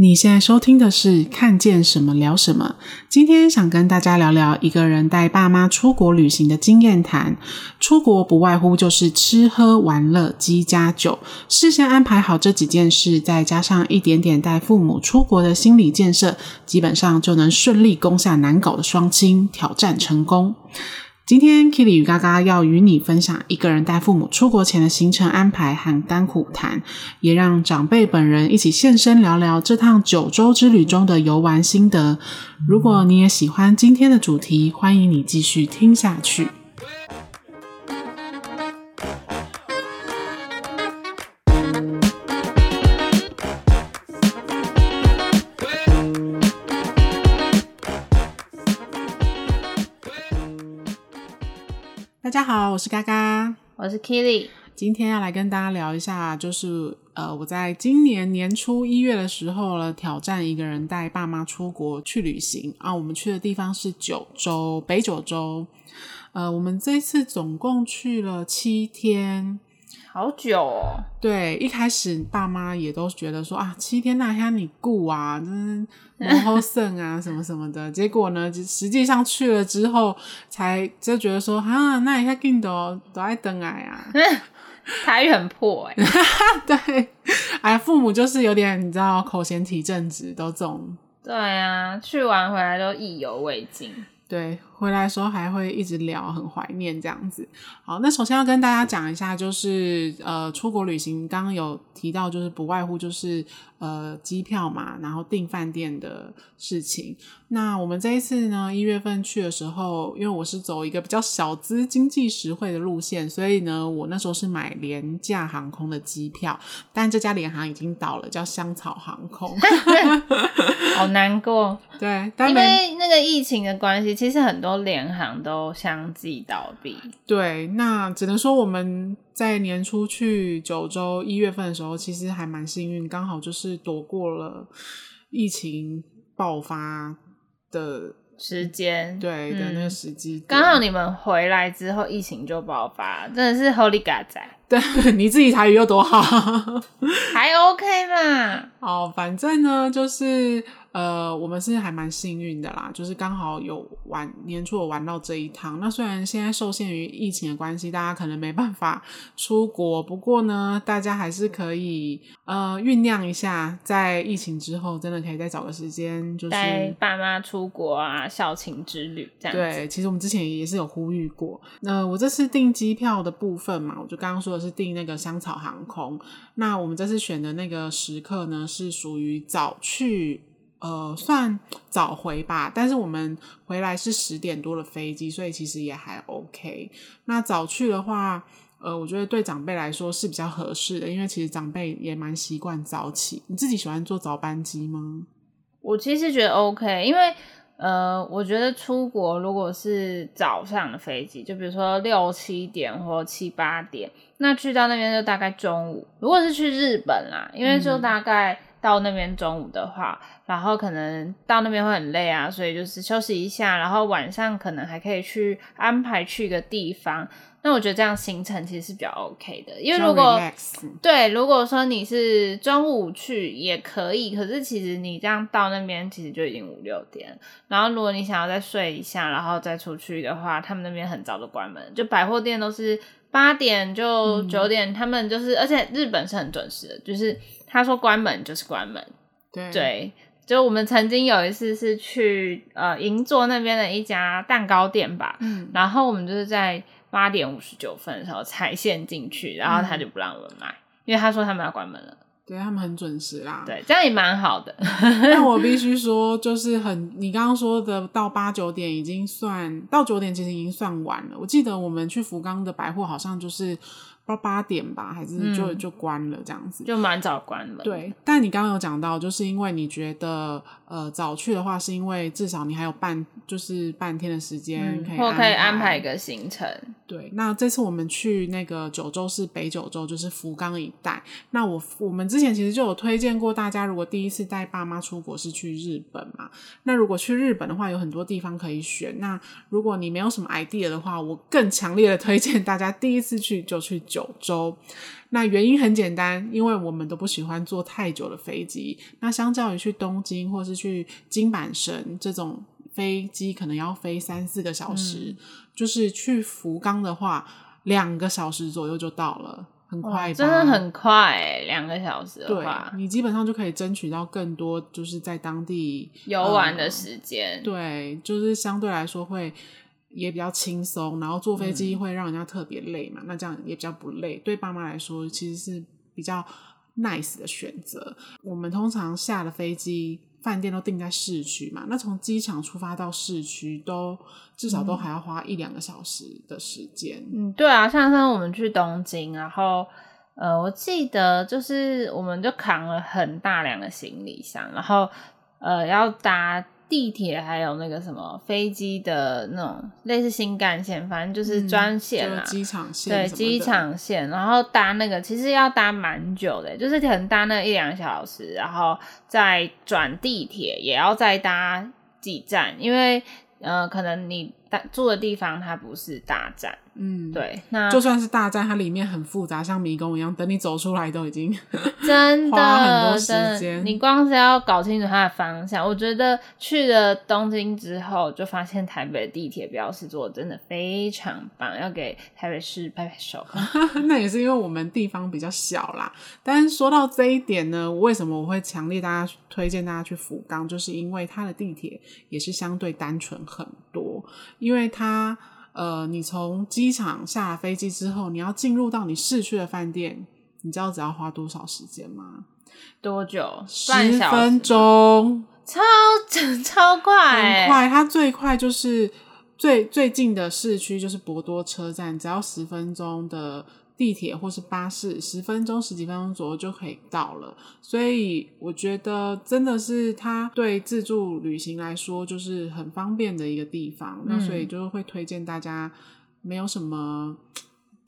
你現在收聽的是《看見什麼聊什麼》。今天想跟大家聊聊一個人帶爸媽出國旅行的經驗談。出國不外乎就是吃喝玩樂機加酒，事先安排好這幾件事，再加上一點點帶父母出國的心理建設，基本上就能順利攻下難搞的雙親，挑戰成功。今天 Kitty 與嘎嘎要與你分享一個人帶父母出國前的行程安排和甘苦談，也讓長輩本人一起現身聊聊這趟九州之旅中的遊玩心得。如果你也喜歡今天的主題，歡迎你繼續聽下去。大家好，我是嘎嘎，我是 Kili，今天要來跟大家聊一下，就是呃，我在今年年初一月的時候呢，挑戰一個人帶爸媽出國去旅行啊，我們去的地方是九州，北九州，呃，我們這次總共去了七天。好久哦，對，一開始爸媽也都覺得說啊，七天那天你顧啊，真落後剩啊， 什麼什麼的。結果呢，實際上去了之後，才就覺得說啊，哪那一下更多，都在登矮啊， 台語很破哎。 對，哎，父母就是有點你知道口嫌體正直都這種。對啊，去完回來都意猶未盡。對。回來時候還會一直聊，很懷念這樣子。好，那首先要跟大家講一下，就是呃，出國旅行剛剛有提到，就是不外乎就是呃，機票嘛，然後訂飯店的事情。那我們這一次呢，一月份去的時候，因為我是走一個比較小資、經濟實惠的路線，所以呢，我那時候是買廉價航空的機票，但這家廉航已經倒了，叫香草航空， 好難過。對，因為那個疫情的關係，其實很多。都聯行都相繼倒閉。對，那只能說我們在年初去九州一月份的時候，其實還蠻幸運，剛好就是躲過了疫情爆發的時間，對、嗯、的那個時機。剛好你們回來之後，疫情就爆發，真的是 Holy God 仔。對，你自己台語又多好， 還 OK 嘛？哦，反正呢，就是。呃，我們是還蠻幸運的啦，就是剛好有玩，年初有玩到這一趟。那雖然現在受限於疫情的關係，大家可能沒辦法出國，不過呢，大家還是可以呃醞釀一下，在疫情之後，真的可以再找個時間，就是爸媽出國啊，孝親之旅這樣子。對，其實我們之前也是有呼籲過。那、呃、我這次訂機票的部分嘛，我就剛剛說的是訂那個香草航空。那我們這次選的那個時刻呢，是屬於早去。呃，算早回吧，但是我們回來是十點多的飛機，所以其實也還 OK。那早去的話，呃，我覺得對長輩來說是比較合適的，因為其實長輩也蠻習慣早起。你自己喜歡坐早班機嗎？我其實覺得 OK，因為呃，我覺得出國如果是早上的飛機，就比如說六七點或七八點，那去到那邊就大概中午。如果是去日本啦，因為就大概，嗯。到那邊中午的話，然後可能到那邊會很累啊，所以就是休息一下，然後晚上可能還可以去安排去一個地方。那我覺得這樣行程其實是比較 OK 的，因為如果 So relax. 對，如果說你是中午去也可以，可是其實你這樣到那邊其實就已經五六點，然後如果你想要再睡一下，然後再出去的話，他們那邊很早就關門，就百貨店都是八點就九點，嗯、他們就是，而且日本是很準時的，就是。他說：“關門就是關門，對，對，就我們曾經有一次是去呃銀座那邊的一家蛋糕店吧，嗯，然後我們就是在八點五十九分的時候踩線進去，然後他就不讓我們買，嗯，因為他說他們要關門了。對，他們很準時啦，對，這樣也蠻好的。 但我必須說，就是很你剛剛說的到，到八九點已經算到九點，其實已經算晚了。我記得我們去福岡的百貨，好像就是。”到八點吧，還是就、嗯、就，就關了這樣子，就蠻早關了。對，但你剛剛有講到，就是因為你覺得。呃，早去的話，是因為至少你還有半就是半天的時間可以安排。嗯，或可以安排一個行程。對，那這次我們去那個九州是北九州，就是福岡一帶。那我我們之前其實就有推薦過大家，如果第一次帶爸媽出國是去日本嘛。那如果去日本的話，有很多地方可以選。那如果你沒有什麼 idea 的話，我更強烈的推薦大家第一次去就去九州。那原因很簡單，因為我們都不喜歡坐太久的飛機。那相較於去東京或是去京阪神這種飛機可能要飛三四個小時，嗯、就是去福岡的話，兩個小時左右就到了，很快、哦，真的很快、欸，兩個小時的話，對，你基本上就可以爭取到更多就是在當地遊玩的時間、嗯。對，就是相對來說會。也比較輕鬆，然後坐飛機會讓人家特別累嘛，嗯、那這樣也比較不累。對爸媽來說，其實是比較 nice 的選擇。我們通常下了飛機，飯店都訂在市區嘛，那從機場出發到市區都至少都還要花一兩個小時的時間。嗯，對啊，上次我們去東京，然後呃，我記得就是我們就扛了很大量的行李箱，然後呃要搭。地鐵還有那個什麼飛機的那種類似新幹線，反正就是專線啦、啊。嗯，就是機場線對，機場線，然後搭那個其實要搭蠻久的，就是可能搭那一兩小時，然後再轉地鐵也要再搭幾站，因為嗯、呃，可能你。住的地方它不是大站，嗯，對，那就算是大站，它裡面很複雜，像迷宮一樣，等你走出來都已經，真的花了很多時間，你光是要搞清楚它的方向，我覺得去了東京之後，就發現台北的地鐵標識做的真的非常棒，要給台北市拍拍手。 那也是因為我們地方比較小啦。但是說到這一點呢，為什麼我會強烈大家推薦大家去福岡，就是因為它的地鐵也是相對單純很多。因為它，呃，你從機場下了飛機之後，你要進入到你市區的飯店，你知道只要花多少時間嗎？多久？十分鐘，超整超快，很快！它最快就是最最近的市區，就是博多車站，只要十分鐘的。地鐵或是巴士，十分鐘十幾分鐘左右就可以到了，所以我覺得真的是它對自助旅行來說就是很方便的一個地方。嗯、那所以就是會推薦大家，沒有什麼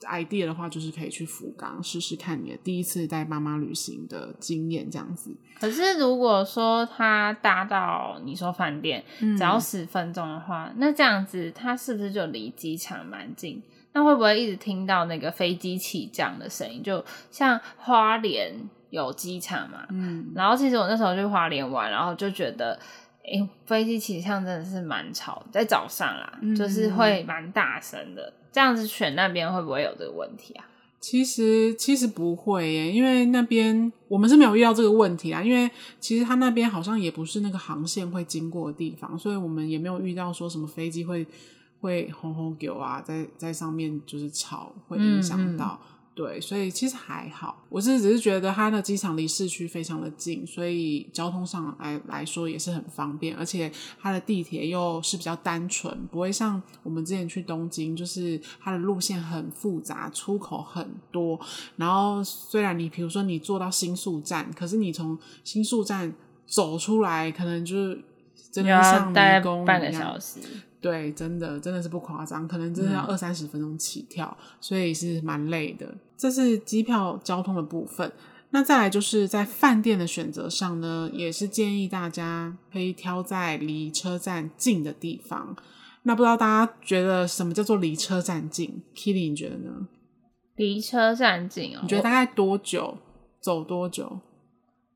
idea 的話，就是可以去福岡試試看，你的第一次帶媽媽旅行的經驗這樣子。可是如果說他搭到你說飯店，嗯、只要十分鐘的話，那這樣子他是不是就離機場蠻近？那會不會一直聽到那個飛機起降的聲音？就像花蓮有機場嘛，嗯，然後其實我那時候去花蓮玩，然後就覺得，哎，飛機起降真的是蠻吵，在早上啦，嗯，就是會蠻大聲的。這樣子選那邊會不會有這個問題啊？其實其實不會耶，因為那邊我們是沒有遇到這個問題啊。因為其實它那邊好像也不是那個航線會經過的地方，所以我們也沒有遇到說什麼飛機會。會哄哄叫啊，在在上面就是吵，會影響到，嗯、對，所以其實還好。我是只是覺得它的機場離市區非常的近，所以交通上來來說也是很方便，而且它的地鐵又是比較單純，不會像我們之前去東京，就是它的路線很複雜，出口很多。然後雖然你比如說你坐到新宿站，可是你從新宿站走出來，可能就是真的是像迷宮一樣、呃、你要半個小時對，真的真的是不誇張，可能真的要二三十分鐘起跳，所以是蠻累的。這是機票交通的部分。那再來就是在飯店的選擇上呢，也是建議大家可以挑在離車站近的地方。那不知道大家覺得什麼叫做離車站近？Kitty，你覺得呢？離車站近哦？你覺得大概多久？走多久？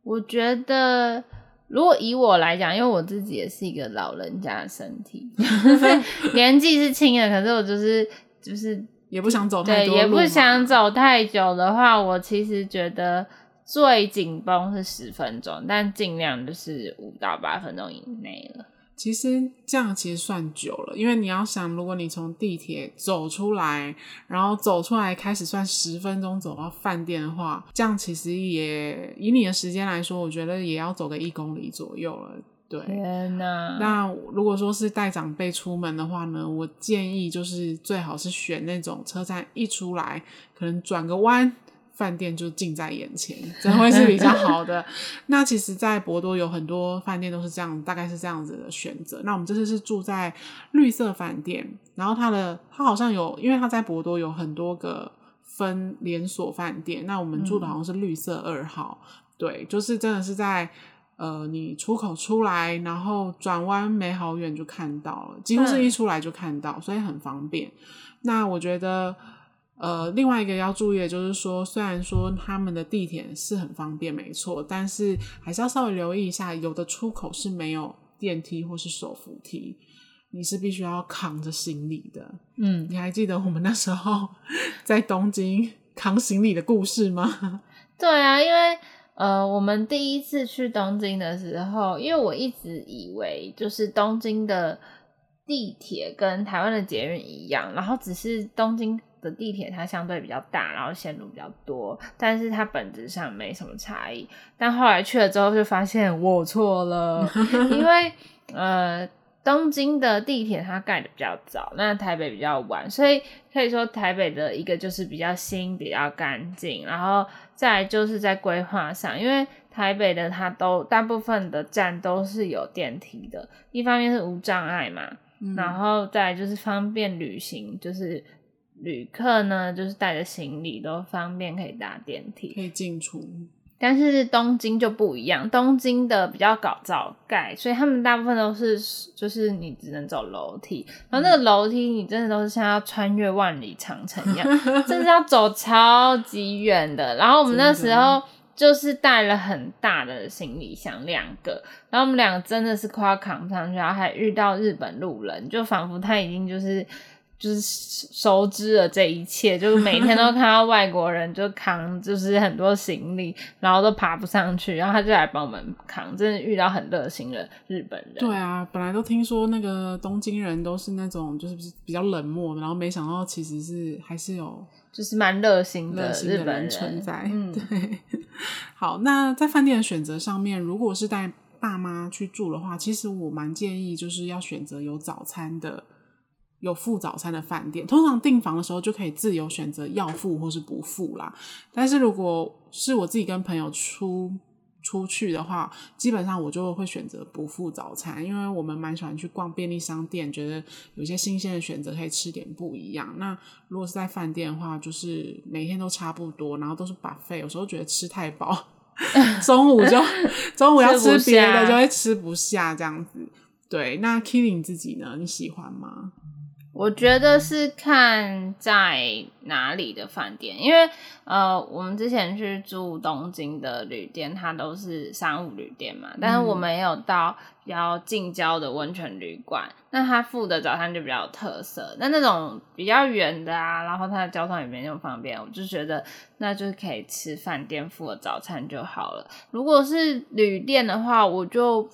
我覺得。如果以我來講，因為我自己也是一個老人家的身體 年紀是輕的，可是我就是就是也不想走太多，對，也不想走太久的話，我其實覺得最緊繃是十分鐘，但儘量就是五到八分鐘以內了。其實這樣其實算久了，因為你要想，如果你從地鐵走出來，然後走出來開始算十分鐘走到飯店的話，這樣其實也，以你的時間來說，我覺得也要走個一公里左右了。對，天哪！那如果說是帶長輩出門的話呢，我建議就是最好是選那種車站一出來，可能轉個彎。飯店就近在眼前，這會是比較好的。 那其實，在博多有很多飯店都是這樣，大概是這樣子的選擇。那我們這次是住在綠色飯店，然後它的它好像有，因為它在博多有很多個分連鎖飯店。那我們住的好像是綠色二號，嗯、對，就是真的是在呃，你出口出來，然後轉彎沒好遠就看到了，幾乎是一出來就看到，所以很方便。嗯、那我覺得。呃，另外一個要注意的就是說，雖然說他們的地鐵是很方便，沒錯，但是還是要稍微留意一下，有的出口是沒有電梯或是手扶梯，你是必須要扛着行李的。嗯，你還記得我們那時候在東京扛行李的故事嗎？對啊，因為呃，我們第一次去東京的時候，因為我一直以為就是東京的地鐵跟台灣的捷運一樣，然後只是東京。的地鐵它相對比較大，然後線路比較多，但是它本質上沒什麼差異。但後來去了之後就發現我錯了， 因為呃，東京的地鐵它蓋的比較早，那台北比較晚，所以可以說台北的一個就是比較新、比較乾淨，然後再來就是在規劃上，因為台北的它都大部分的站都是有電梯的，一方面是無障礙嘛，嗯、然後再來就是方便旅行，就是。旅客呢，就是帶着行李都方便，可以搭電梯，可以進出。但是東京就不一樣，東京的比較搞造蓋，所以他們大部分都是，就是你只能走樓梯。然後那個樓梯，你真的都是像要穿越萬里長城一樣，嗯、 真的要走超級遠的。然後我們那時候就是帶了很大的行李箱兩的個，然後我們兩個真的是快要扛不上去，然後還遇到日本路人，就仿佛他已經就是。就是熟知了這一切，就是每天都看到外國人就扛，就是很多行李， 然後都爬不上去，然後他就來幫我們扛。真的遇到很熱心的日本人。對啊，本來都聽說那個東京人都是那種就是比較冷漠的，然後沒想到其實是還是有就是蠻熱心的日本人存在。對嗯，對。好，那在飯店的選擇上面，如果是帶爸媽去住的話，其實我蠻建議就是要選擇有早餐的。有附早餐的飯店，通常訂房的時候就可以自由選擇要附或是不附啦。但是如果是我自己跟朋友出出去的話，基本上我就會選擇不附早餐，因為我們蠻喜歡去逛便利商店，覺得有些新鮮的選擇可以吃點不一樣。那如果是在飯店的話，就是每天都差不多，然後都是 buffet，有時候覺得吃太飽， 中午就中午要吃別的就會吃不下這樣子。對，那 killing 自己呢？你喜歡嗎？我覺得是看在哪裡的飯店，因為呃，我們之前去住東京的旅店，它都是商務旅店嘛，但是我們也有到比較近郊的溫泉旅館，那、嗯、它附的早餐就比較有特色。那那種比較遠的啊，然後它的交通也沒那麼方便，我就覺得那就是可以吃飯店附的早餐就好了。如果是旅店的話，我就。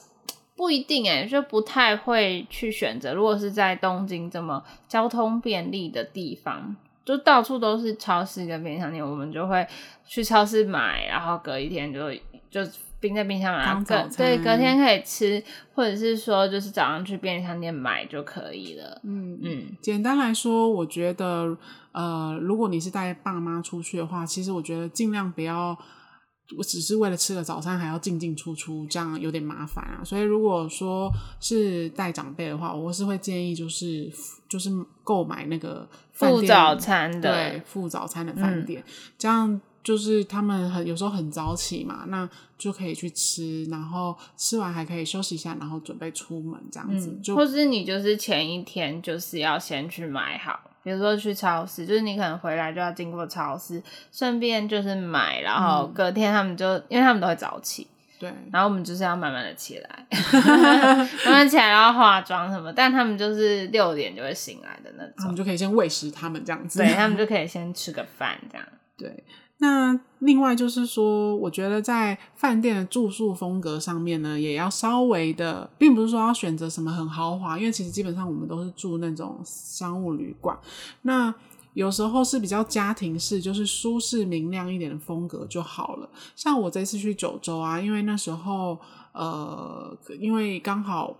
不一定哎、欸，就不太會去選擇。如果是在東京這麼交通便利的地方，就到處都是超市跟便利商店，我們就會去超市買，然後隔一天就就冰在冰箱裡、啊，對，隔天可以吃，或者是說就是早上去便利商店買就可以了。嗯嗯，嗯，簡單來說，我覺得呃，如果你是帶爸媽出去的話，其實我覺得盡量不要。我只是為了吃個早餐，還要進進出出，這樣有點麻煩啊。所以如果說是帶長輩的話，我是會建議就是就是購買那個飯店，附早餐的，對，附早餐的飯店，嗯、這樣。就是他們很有時候很早起嘛，那就可以去吃，然後吃完還可以休息一下，然後準備出門這樣子。嗯、就或是你就是前一天就是要先去買好，比如說去超市，就是你可能回來就要經過超市，順便就是買，然後隔天他們就、嗯、因為他們都會早起，對，然後我們就是要慢慢的起來， 慢慢起來然後化妝什麼，但他們就是六點就會醒來的那種，我們就可以先餵食他們這樣子，對、嗯、他們就可以先吃個飯這樣，對。那另外就是說，我覺得在飯店的住宿風格上面呢，也要稍微的，並不是說要選擇什麼很豪華，因為其實基本上我們都是住那種商務旅館。那有時候是比較家庭式，就是舒適、明亮一點的風格就好了。像我這次去九州啊，因為那時候呃，因為剛好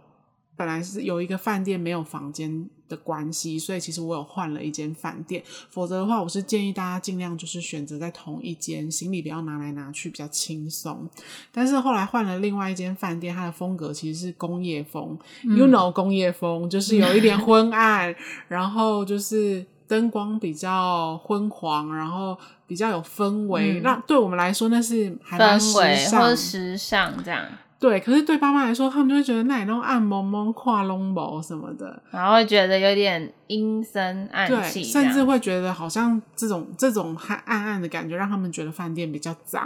本來是有一個飯店沒有房間。的關係，所以其實我有換了一間飯店。否則的話，我是建議大家盡量就是選擇在同一間，行李不要拿來拿去，比較輕鬆。但是後來換了另外一間飯店，它的風格其實是工業風，嗯，You know，工業風就是有一點昏暗，嗯，然後就是燈光比較昏黃，然後比較有氛圍。嗯，那對我們來說，那是還蠻時尚，氛圍或時尚這樣。對，可是對爸媽來說，他們就會覺得那裡那種暗蒙蒙、跨龍薄什麼的，然後會覺得有點陰森暗氣，甚至會覺得好像這種這種暗暗暗的感覺，讓他們覺得飯店比較髒，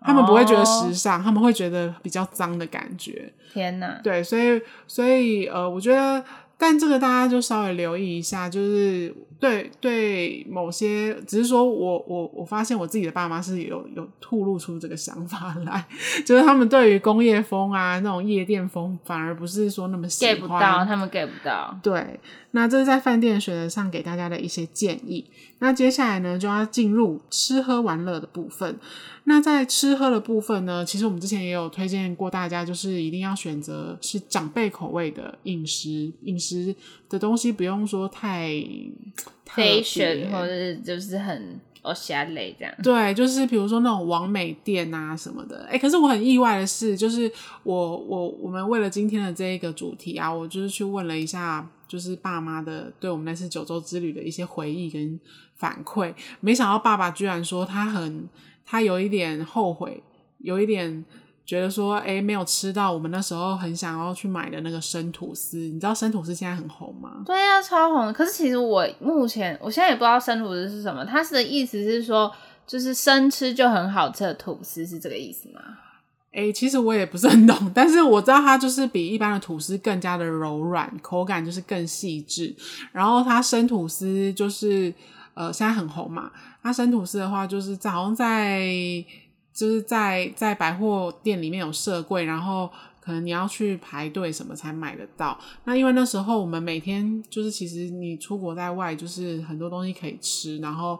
他們不會覺得時尚，哦、他們會覺得比較髒的感覺。天哪！對，所以所以呃，我覺得，但這個大家就稍微留意一下，就是。對對，某些只是說我，我我我發現我自己的爸媽是有有吐露出這個想法來，就是他們對於工業風啊那種夜店風反而不是說那麼喜歡，get 不到，他們 get 不到。對，那這是在飯店選擇上給大家的一些建議。那接下來呢，就要進入吃喝玩樂的部分。那在吃喝的部分呢，其實我們之前也有推薦過大家，就是一定要選擇是長輩口味的飲食，飲食的東西不用說太。patient 或者是就是很歐沙雷這樣。對，就是比如說那種網美店啊什麼的。哎，可是我很意外的是，就是我我我們為了今天的這一個主題啊，我就是去問了一下，就是爸媽的對我們那次九州之旅的一些回憶跟反饋。沒想到爸爸居然說他很他有一點後悔，有一點。覺得說，哎、欸，沒有吃到我們那時候很想要去買的那個生吐司，你知道生吐司現在很紅嗎？對呀、啊，超紅的。可是其實我目前我現在也不知道生吐司是什麼，它是的意思是說，就是生吃就很好吃的吐司是這個意思嗎？哎、欸，其實我也不是很懂，但是我知道它就是比一般的吐司更加的柔軟，口感就是更細緻。然後它生吐司就是呃現在很紅嘛，它生吐司的話就是早上在。就是在在百貨店裡面有設櫃，然後可能你要去排隊什麼才買得到。那因為那時候我們每天就是，其實你出國在外，就是很多東西可以吃，然後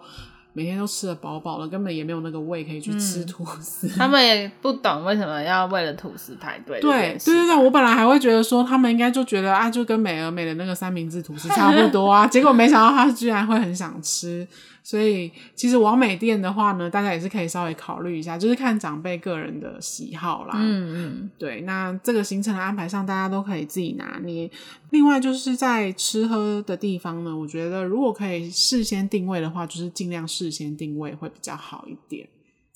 每天都吃得飽飽了，根本也沒有那個胃可以去吃吐司。嗯，他們也不懂為什麼要為了吐司排隊。對對對對，我本來還會覺得說他們應該就覺得啊，就跟美而美的那個三明治吐司差不多啊， 結果沒想到他居然會很想吃。所以其實網美店的話呢，大家也是可以稍微考慮一下，就是看長輩個人的喜好啦。嗯嗯，嗯對。那這個行程的安排上，大家都可以自己拿捏。另外就是在吃喝的地方呢，我覺得如果可以事先定位的話，就是盡量事先定位會比較好一點。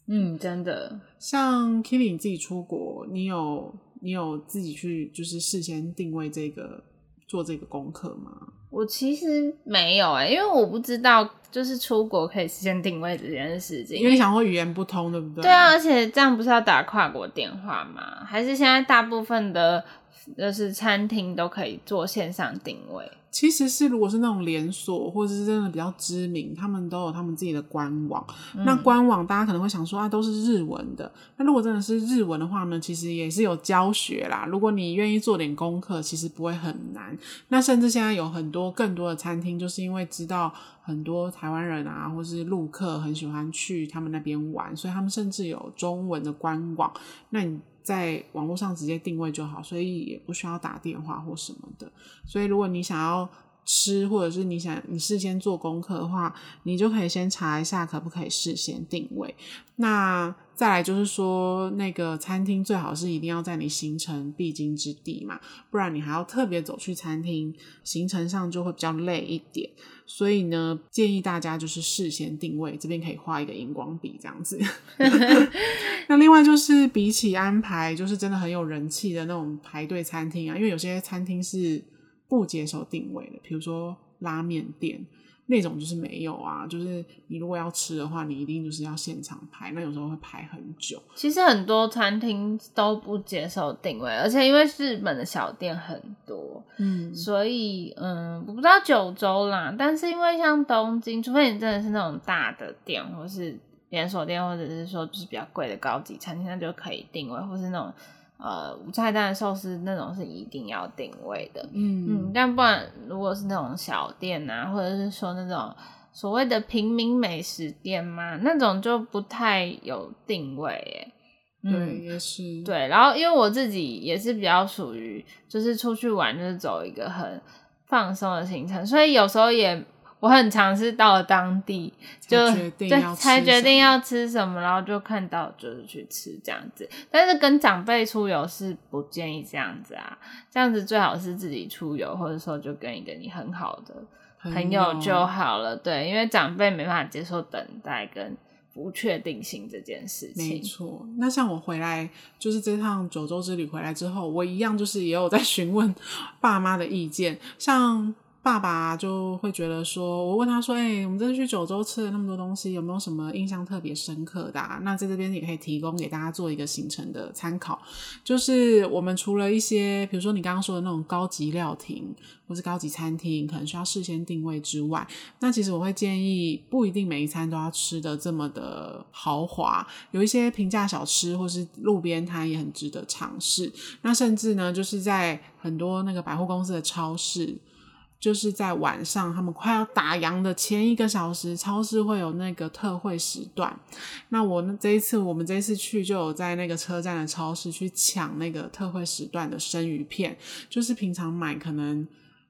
嗯，真的。像 Kitty 你自己出國，你有你有自己去就是事先定位這個做這個功課嗎？我其實沒有哎、欸，因為我不知道，就是出國可以事先定位這件事情。因為你想說語言不通，對不對？對啊，而且這樣不是要打跨國電話嗎？還是現在大部分的，就是餐廳都可以做線上定位。其實是，如果是那種連鎖，或者是真的比較知名，他們都有他們自己的官網。嗯、那官網大家可能會想說啊，都是日文的。那如果真的是日文的話呢，其實也是有教學啦。如果你願意做點功課，其實不會很難。那甚至現在有很多更多的餐廳，就是因為知道很多台灣人啊，或是陸客很喜歡去他們那邊玩，所以他們甚至有中文的官網。那，你……在網絡上直接定位就好，所以也不需要打電話或什麼的。所以如果你想要吃，或者是你想，你事先做功課的話，你就可以先查一下可不可以事先定位。那再來就是說，那個餐廳最好是一定要在你行程必經之地嘛，不然你還要特別走去餐廳，行程上就會比較累一點。所以呢，建議大家就是事先定位，這邊可以畫一個熒光筆這樣子。 那另外就是，比起安排就是真的很有人氣的那種排隊餐廳啊，因為有些餐廳是不接受定位的，比如說拉麵店。那種就是沒有啊，就是你如果要吃的話，你一定就是要現場排，那有時候會排很久。其實很多餐廳都不接受訂位，而且因為日本的小店很多，嗯，所以嗯，我不知道九州啦，但是因為像東京，除非你真的是那種大的店，或是連鎖店，或者是說就是比較貴的高級餐廳，那就可以訂位，或是那種。呃，無菜單的壽司那種是一定要定位的，嗯嗯，但不然如果是那種小店吶、啊，或者是說那種所謂的平民美食店嘛，那種就不太有定位誒、欸、嗯也是 許，對，然後因為我自己也是比較屬於就是出去玩就是走一個很放鬆的行程，所以有時候也。我很嘗試到了當地就才決定要吃，對，才決定要吃什麼，然後就看到就是去吃這樣子。但是跟長輩出遊是不建議這樣子啊，這樣子最好是自己出遊，或者說就跟一個你很好的朋友就好了。有對，因為長輩沒辦法接受等待跟不確定性這件事情。沒錯，那像我回來就是這趟九州之旅回來之後，我一樣就是也有在詢問爸媽的意見，像。爸爸就會覺得說，我問他說，哎、欸，我們這次去九州吃了那麼多東西，有沒有什麼印象特別深刻的啊？那在這邊也可以提供給大家做一個行程的參考，就是我們除了一些，比如說你剛剛說的那種高級料亭或是高級餐廳，可能需要事先定位之外，那其實我會建議不一定每一餐都要吃得這麼的豪華，有一些平價小吃或是路邊攤也很值得嘗試。那甚至呢，就是在很多那個百貨公司的超市。就是在晚上，他們快要打烊的前一個小時，超市會有那個特惠時段。那我呢，這一次，我們這一次去，就有在那個車站的超市去搶那個特惠時段的生魚片，就是平常買可能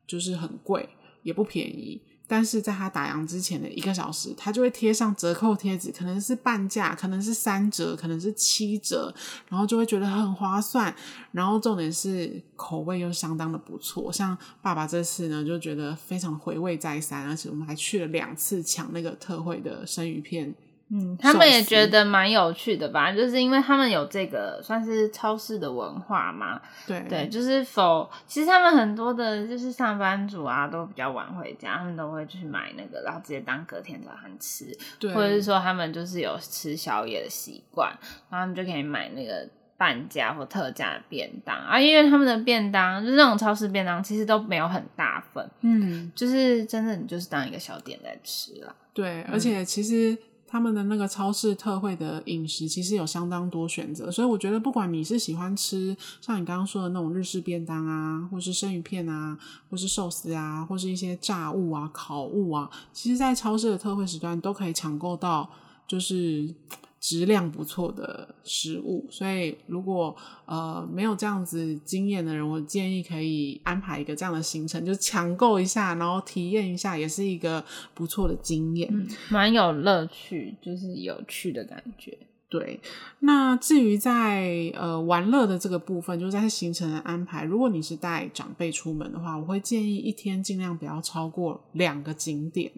就是很貴，也不便宜。但是在他打烊之前的一個小時，他就會貼上折扣貼紙，可能是半價，可能是三折，可能是七折，然後就會覺得很划算。然後重點是口味又相當的不錯，像爸爸這次呢就覺得非常回味再三，而且我們還去了兩次搶那個特惠的生魚片。嗯，他們也覺得蠻有趣的吧，思就是因為他們有這個算是超市的文化嘛。對對，就是否，其實他們很多的，就是上班族啊，都比較晚回家，他們都會去買那個，然後直接當隔天早餐吃，對或者是說他們就是有吃宵夜的習慣，然後他們就可以買那個半價或特價的便當啊。因為他們的便當就是那種超市便當，其實都沒有很大份，嗯，嗯就是真的，你就是當一個小點在吃了。對，嗯、而且其實。他們的那個超市特惠的飲食其實有相當多選擇，所以我覺得不管你是喜歡吃像你剛剛說的那種日式便當啊，或是生魚片啊，或是壽司啊，或是一些炸物啊、烤物啊，其實，在超市的特惠時段都可以搶購到，就是。質量不錯的食物，所以如果呃沒有這樣子經驗的人，我建議可以安排一個這樣的行程，就搶購一下，然後體驗一下，也是一個不錯的經驗，嗯，蠻有樂趣，就是有趣的感覺。對，那至於在呃玩樂的這個部分，就是在行程的安排，如果你是帶長輩出門的話，我會建議一天盡量不要超過兩個景點。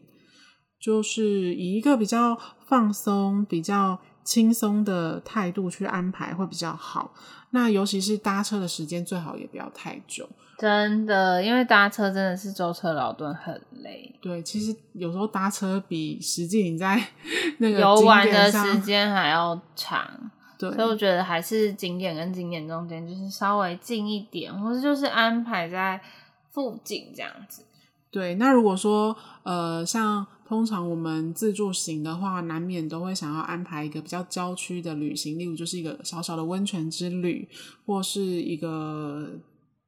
就是以一個比較放鬆、比較輕鬆的態度去安排會比較好。那尤其是搭車的時間，最好也不要太久。真的，因為搭車真的是舟車勞頓很累。對，其實有時候搭車比實際你在那個遊玩的時間還要長。對，所以我覺得還是景點跟景點中間就是稍微近一點，或者就是安排在附近這樣子。對，那如果說呃，像。通常我們自助行的話，難免都會想要安排一個比較郊區的旅行，例如就是一個小小的溫泉之旅，或是一個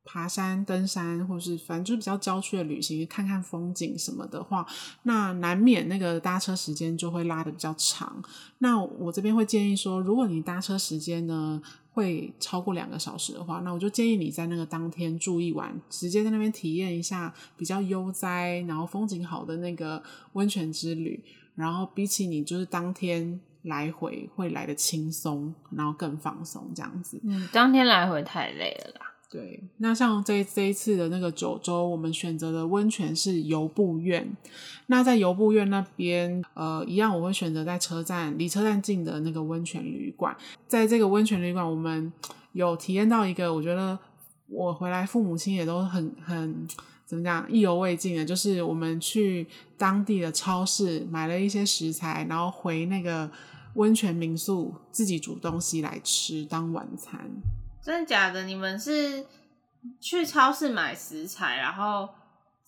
爬山、登山，或是反正就是比較郊區的旅行，看看風景什麼的話，那難免那個搭車時間就會拉得比較長。那我，我這邊會建議說，如果你搭車時間呢，會超過兩個小時的話，那我就建議你在那個當天住一晚，直接在那邊體驗一下比較悠哉，然後風景好的那個溫泉之旅。然後比起你就是當天來回會來得輕鬆，然後更放鬆這樣子。嗯，當天來回太累了啦。對，那像這這一次的那個九州，我們選擇的溫泉是由布院。那在由布院那邊，呃，一樣我會選擇在車站離車站近的那個溫泉旅館。在這個溫泉旅館，我們有體驗到一個，我覺得我回來父母親也都很很怎麼講意猶未盡的，就是我們去當地的超市買了一些食材，然後回那個溫泉民宿自己煮東西來吃當晚餐。真的假的？你們是去超市買食材，然後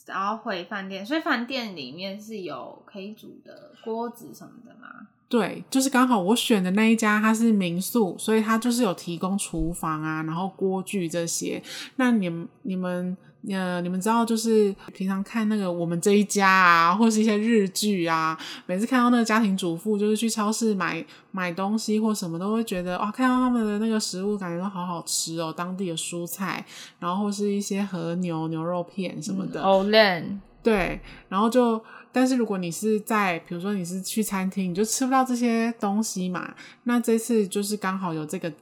然後回飯店，所以飯店裡面是有可以煮的鍋子什麼的嗎？對，就是剛好我選的那一家，它是民宿，所以它就是有提供廚房啊，然後鍋具這些。那你們你們。那、呃、你們知道，就是平常看那個我們這一家啊，或是一些日劇啊，每次看到那個家庭主婦就是去超市買買東西或什麼，都會覺得哇、哦，看到他們的那個食物，感覺都好好吃哦，當地的蔬菜，然後或是一些和牛牛肉片什麼的。哦、嗯，嫩。對，然後就，但是如果你是在，比如說你是去餐廳，你就吃不到這些東西嘛。那這次就是剛好有這個。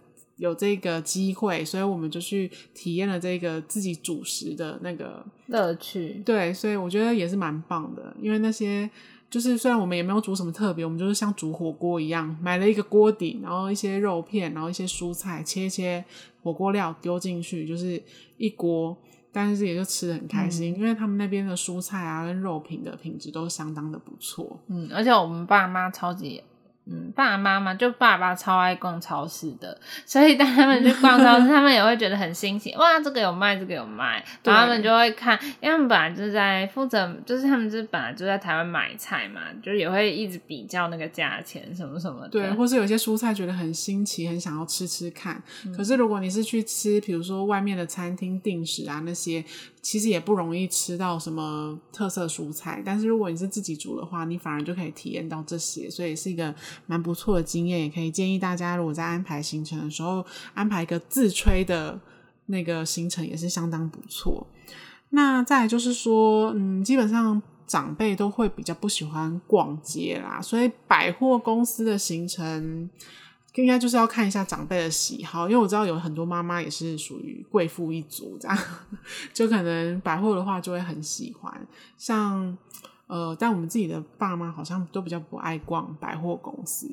有這個機會，所以我們就去體驗了這個自己煮食的那個樂趣。對，所以我覺得也是蠻棒的，因為那些就是雖然我們也沒有煮什麼特別，我們就是像煮火鍋一樣，買了一個鍋底，然後一些肉片，然後一些蔬菜，切一些火鍋料丟進去，就是一鍋，但是也就吃得很開心，嗯、因為他們那邊的蔬菜啊跟肉品的品質都相當的不錯。嗯，而且我們爸媽超級。嗯，爸爸媽媽就爸爸超愛逛超市的，所以當他們去逛超市， 他們也會覺得很新奇，哇，這個有賣，這個有賣，然後他們就會看，因為他們本來就是在負責，就是他們就是本來就在台灣買菜嘛，就也會一直比較那個價錢什麼什麼的，對，或是有些蔬菜覺得很新奇，很想要吃吃看。可是如果你是去吃，比如說外面的餐廳定食啊那些，其實也不容易吃到什麼特色蔬菜。但是如果你是自己煮的話，你反而就可以體驗到這些，所以是一個。蠻不錯的經驗，也可以建議大家，如果在安排行程的時候，安排一個自炊的那個行程也是相當不錯。那再來就是說，嗯，基本上長輩都會比較不喜歡逛街啦，所以百貨公司的行程應該就是要看一下長輩的喜好，因為我知道有很多媽媽也是屬於貴婦一族，這樣就可能百貨的話就會很喜歡，像。呃，但我們自己的爸媽好像都比較不愛逛百貨公司，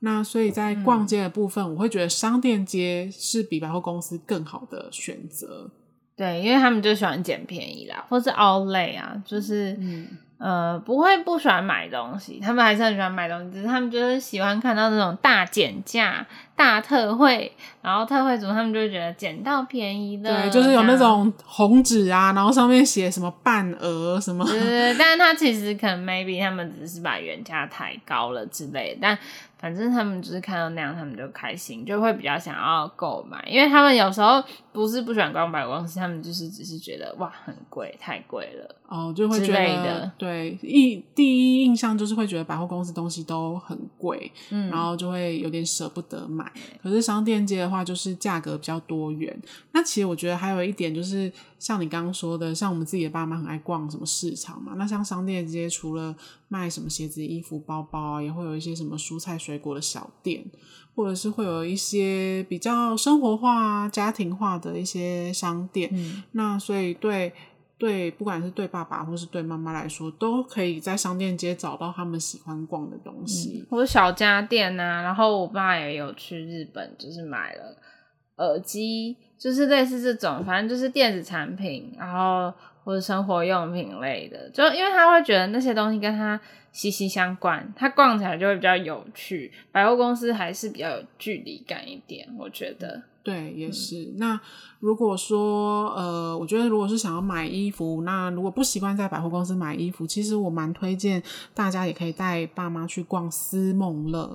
那所以在逛街的部分，嗯、我會覺得商店街是比百貨公司更好的選擇。對，因為他們就喜歡撿便宜啦，或是 outlet 啊，就是。嗯嗯。呃，不會不喜歡買東西，他們還是很喜歡買東西，只是他們就是喜歡看到那種大減價、大特惠，然後特惠組他們就會覺得撿到便宜的，對，就是有那種紅紙啊，啊，然後上面寫什麼半額什麼，對對對，但是他其實可能 maybe 他們只是把原價抬高了之類的，但。反正他們就是看到那樣，他們就開心，就會比較想要購買。因為他們有時候不是不喜歡逛百貨公司，他們就是只是覺得哇，很貴，太貴了，哦，就會覺得對，一，第一印象就是會覺得百貨公司東西都很貴，嗯，然後就會有點捨不得買。可是商店街的話，就是價格比較多元。那其實我覺得還有一點就是。像你剛剛說的，像我們自己的爸媽很愛逛什麼市場嘛？那像商店街，除了賣什麼鞋子、衣服、包包啊，也會有一些什麼蔬菜水果的小店，或者是會有一些比較生活化、家庭化的一些商店。嗯、那所以對對，不管是對爸爸或是對媽媽來說，都可以在商店街找到他們喜歡逛的東西。嗯、我小家電啊，然後我爸也有去日本，就是買了。耳機就是類似這種，反正就是電子產品，然後或者生活用品類的，就因為他會覺得那些東西跟他息息相關，他逛起來就會比較有趣。百貨公司還是比較有距離感一點，我覺得。對，也是。嗯。那如果說呃，我覺得如果是想要買衣服，那如果不習慣在百貨公司買衣服，其實我蠻推薦大家也可以帶爸媽去逛思夢樂，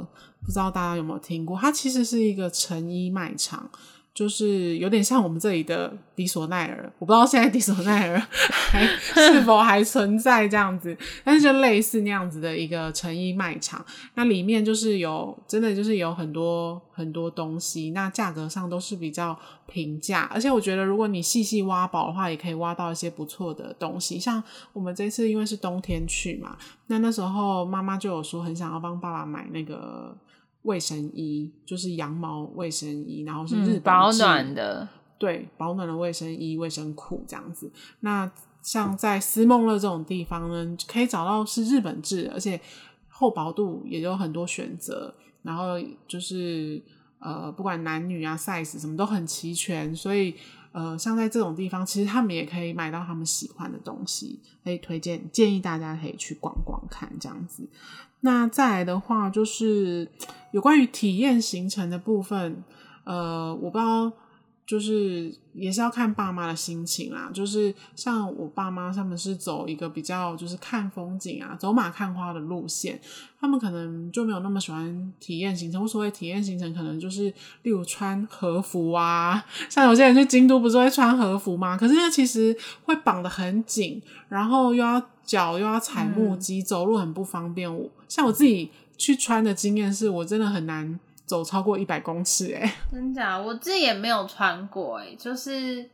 不知道大家有沒有聽過？它其實是一個成衣賣場。就是有點像我們這裡的迪索奈爾，我不知道現在迪索奈爾 是否還存在這樣子，但是就類似那樣子的一個成衣賣場，那裡面就是有真的就是有很多很多東西，那價格上都是比較平價，而且我覺得如果你細細挖寶的話，也可以挖到一些不錯的東西。像我們這次因為是冬天去嘛，那那時候媽媽就有說很想要幫爸爸買那個。衛生衣就是羊毛衛生衣，然後是日本、嗯、保暖的，對，保暖的衛生衣、衛生褲這樣子。那像在思夢樂這種地方呢，可以找到是日本制，而且厚薄度也有很多選擇，然後就是呃，不管男女啊、size 什麼都很齊全，所以呃，像在這種地方，其實他們也可以買到他們喜歡的東西，可以推薦建議大家可以去逛逛看這樣子。那再來的話，就是有關於體驗行程的部分，呃，我不知道。就是也是要看爸媽的心情啦，就是像我爸媽他們是走一個比較就是看風景啊、走馬看花的路線，他們可能就沒有那麼喜歡體驗行程。我所謂體驗行程，可能就是例如穿和服啊，像有些人去京都不是會穿和服嗎？可是那其實會綁得很緊，然後又要腳又要踩木屐，嗯、走路很不方便我。像我自己去穿的經驗是，我真的很難。走超過一百公尺、欸，哎，真假我自己也沒有穿過、欸，哎，就是，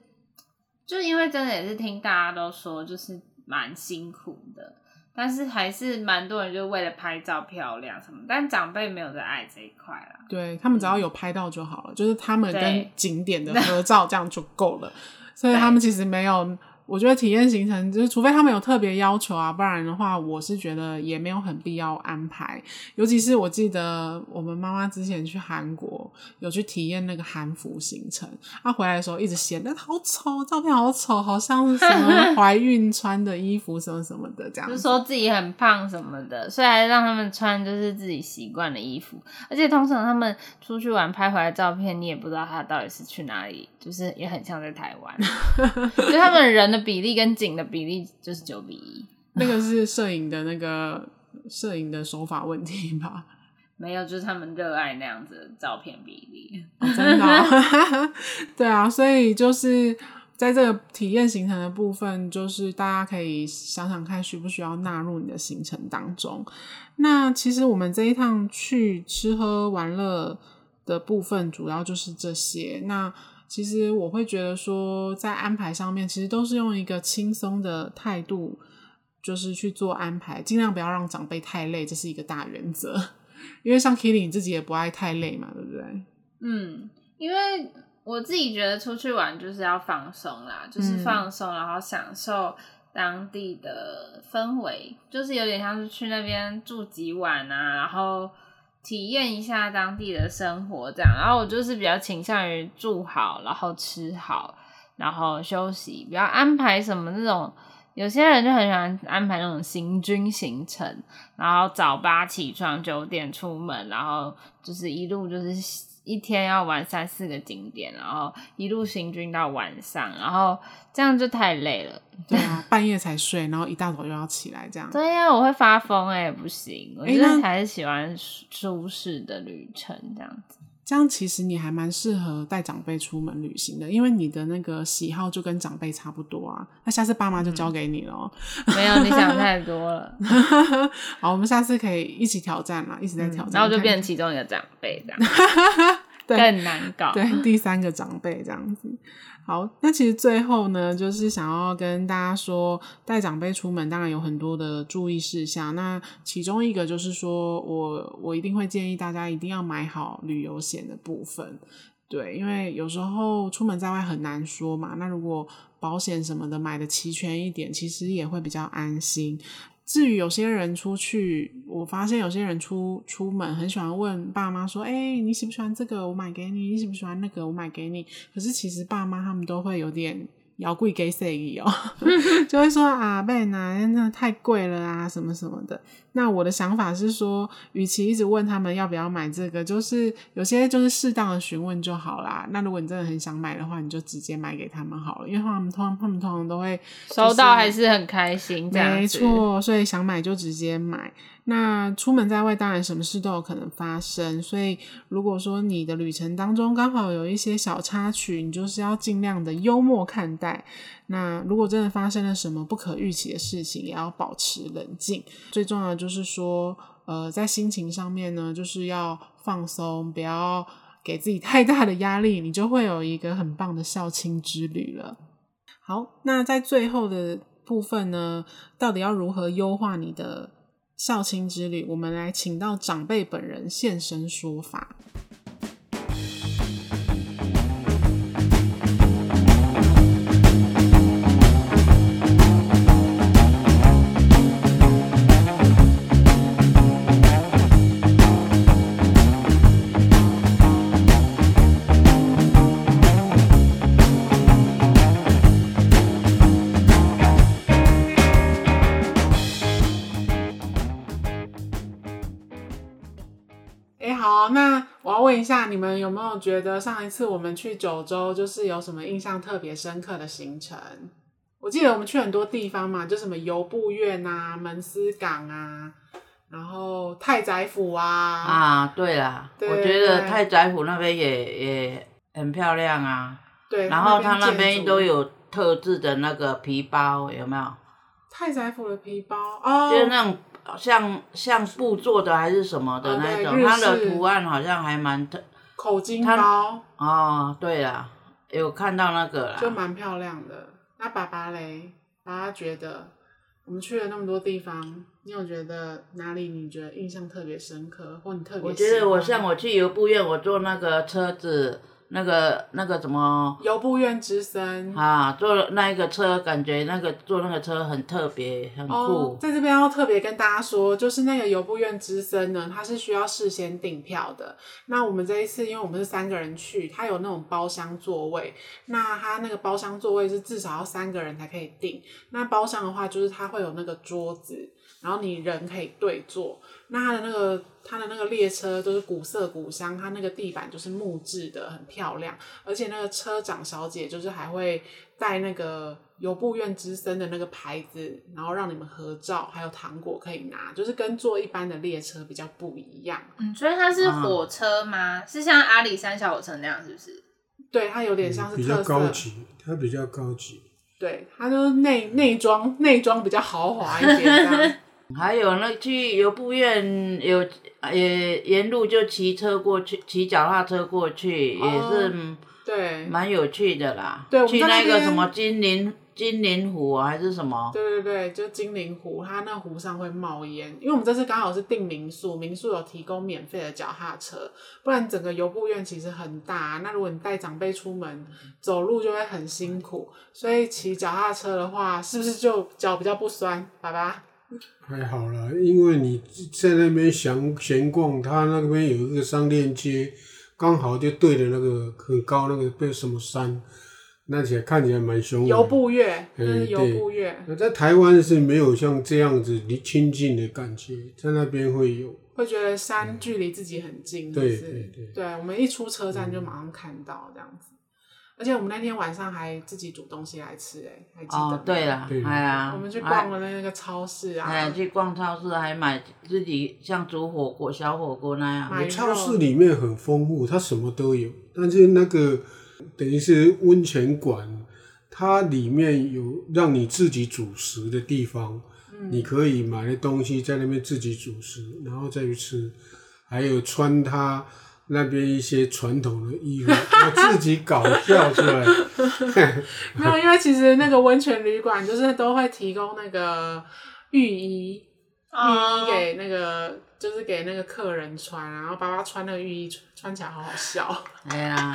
就因為真的也是聽大家都說，就是蠻辛苦的，但是還是蠻多人就是為了拍照漂亮什麼，但長輩沒有在愛這一塊啦。對他們只要有拍到就好了，對就是他們跟景點的合照這樣就夠了，那 所以他們其實沒有。我覺得體驗行程就是，除非他們有特別要求啊，不然的話，我是覺得也沒有很必要安排。尤其是我記得我們媽媽之前去韓國有去體驗那個韓服行程，她、啊、回來的時候一直嫌，那好醜，照片好醜，好像是什麼懷孕穿的衣服什麼什麼的，這樣就是說自己很胖什麼的。雖然讓他們穿就是自己習慣的衣服，而且通常他們出去玩拍回來照片，你也不知道他到底是去哪裡，就是也很像在台灣， 所以他們人的。比例跟景的比例就是九比一，那個是攝影的那個 攝影的手法問題吧？沒有，就是他們熱愛那樣子的照片比例，哦、真的、哦， 對啊，所以就是在這個體驗行程的部分，就是大家可以想想看，需不需要納入你的行程當中。那其實我們這一趟去吃喝玩樂的部分，主要就是這些。那其實我會覺得說，在安排上面，其實都是用一個輕鬆的態度，就是去做安排，盡量不要讓長輩太累，這是一個大原則。因為像 Kitty 你自己也不愛太累嘛，對不對？嗯，因為我自己覺得出去玩就是要放鬆啦，就是放鬆，嗯、然後享受當地的氛圍，就是有點像是去那邊住幾晚啊，然後。體驗一下當地的生活，這樣。然後我就是比較傾向於住好，然後吃好，然後休息。比較安排什麼那種，有些人就很喜歡安排那種行軍行程，然後早八起床，九點出門，然後就是一路就是。一天要玩三四個景點，然後一路行軍到晚上，然後這樣就太累了。對啊，半夜才睡，然後一大早又要起來，這樣 對呀、啊，我會發瘋哎、欸，不行，我覺得還是喜歡舒適的旅程這樣子。這樣其實你還蠻適合帶長輩出門旅行的，因為你的那個喜好就跟長輩差不多啊。那下次爸媽就交給你了哦、嗯、沒有，你想太多了。 好，我們下次可以一起挑戰嘛，一直在挑戰、嗯。然後就變成其中一個長輩這樣子，嗯、這樣子更難搞。對。對，第三個長輩這樣子。好，那其實最後呢，就是想要跟大家說，帶長輩出門當然有很多的注意事項。那其中一個就是說，我我一定會建議大家一定要買好旅遊險的部分，對，因為有時候出門在外很難說嘛。那如果保險什麼的買得齊全一點，其實也會比較安心。至於有些人出去，我發現有些人出出門很喜歡問爸媽說：“哎，你喜不喜歡這個？我買給你。你喜不喜歡那個？我買給你。”可是其實爸媽他們都會有點。要貴給誰哦？喔、 就會說啊，貝娜，真的太貴了啊，什麼什麼的。那我的想法是說，與其一直問他們要不要買這個，就是有些就是適當的詢問就好啦。那如果你真的很想買的話，你就直接買給他們好了，因為他們通常他們通常都會、就是、收到，還是很開心這樣子。沒錯，所以想買就直接買。那出門在外，當然什麼事都有可能發生，所以如果說你的旅程當中剛好有一些小插曲，你就是要盡量的幽默看待。那如果真的發生了什麼不可預期的事情，也要保持冷靜。最重要的就是說，呃，在心情上面呢，就是要放鬆，不要給自己太大的壓力，你就會有一個很棒的孝親之旅了。好，那在最後的部分呢，到底要如何優化你的？孝親之旅，我們來請到長輩本人現身說法。好，那我要問一下，你們有沒有覺得上一次我們去九州就是有什麼印象特別深刻的行程？我記得我們去很多地方嘛，就什麼由布院啊、門司港啊，然後太宰府啊。啊，對啦，對，我覺得太宰府那邊也對也很漂亮啊。對。然後他那邊都有特制的那個皮包，有沒有？太宰府的皮包哦，就是那種。像像布做的還是什麼的 okay, 那種，日式它的圖案好像還蠻特口金包。哦，對了，有看到那個啦，就蠻漂亮的。那爸爸嘞？爸爸覺得，我們去了那麼多地方，你有覺得哪裡你覺得印象特別深刻，或你特別？我覺得我像我去由布院，我坐那個車子，那個那個什麼？由布院之森，啊，坐了那一個車，感覺那個坐那個車很特別，很酷。Oh, 在這邊要特別跟大家說，就是那個由布院之森呢，它是需要事先訂票的。那我們這一次，因為我們是三個人去，它有那種包廂座位。那它那個包廂座位是至少要三個人才可以訂。那包廂的話，就是它會有那個桌子，然後你人可以對坐。那它的那個它的那個列車都是古色古香，它那個地板就是木質的，很漂亮，而且那個車長小姐就是還會帶那個由布院之森的那個牌子，然後讓你們合照，還有糖果可以拿，就是跟坐一般的列車比較不一樣。嗯，所以它是火車嗎？啊、是像阿里山小火車那樣，是不是？對，它有點像是特色、嗯、比較高級，它比較高級，對，它都內內裝內裝比較豪華一點 還有那去由布院有，有呃沿路就騎車過去，騎腳踏車過去、哦、也是，對，蠻有趣的啦。對，去那個什麼金鱗、金鱗湖、啊、還是什麼？對對對，就金鱗湖，它那湖上會冒煙，因為我們這次剛好是訂民宿，民宿有提供免費的腳踏車，不然整個由布院其實很大、啊，那如果你帶長輩出門走路就會很辛苦，所以騎腳踏車的話，是不是就腳比較不酸？拜拜。還好啦，因為你在那邊閒閒逛，它那邊有一個商店街，剛好就對着那個很高那個被什麼山，那起來，看起來蠻兇。偉。由布岳，嗯，對，嗯對。那在台灣是沒有像這樣子離親近的感覺，在那邊會有，會覺得山距離自己很近。嗯、對對對。對我們一出車站就馬上看到這樣子。嗯而且我們那天晚上還自己煮東西來吃，欸，哎，還記得？哦，對了，我們去逛了那個超市啊，哎哎，去逛超市還買自己像煮火鍋、小火鍋那樣。超市裡面很豐富，它什麼都有。但是那個等於是溫泉館，它裡面有讓你自己煮食的地方，嗯，你可以買的東西在那邊自己煮食，然後再去吃，還有穿它。那邊一些傳統的衣服，自己搞笑出來 沒有，因為其實那個溫泉旅館就是都會提供那個浴衣，浴衣給那個就是給那個客人穿，然後爸爸穿那個浴衣穿,穿起來好好笑。哎 呀、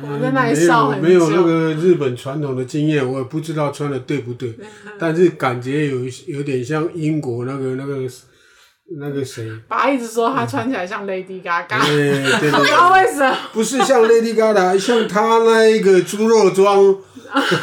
嗯，我在那裡笑沒有沒有那個日本傳統的經驗，我也不知道穿的對不對，但是感覺有有點像英國那個那個。那個誰，爸一直說他穿起來像 Lady Gaga，對對對，不知道為什麼？不是像 Lady Gaga， 像他那一個豬肉裝，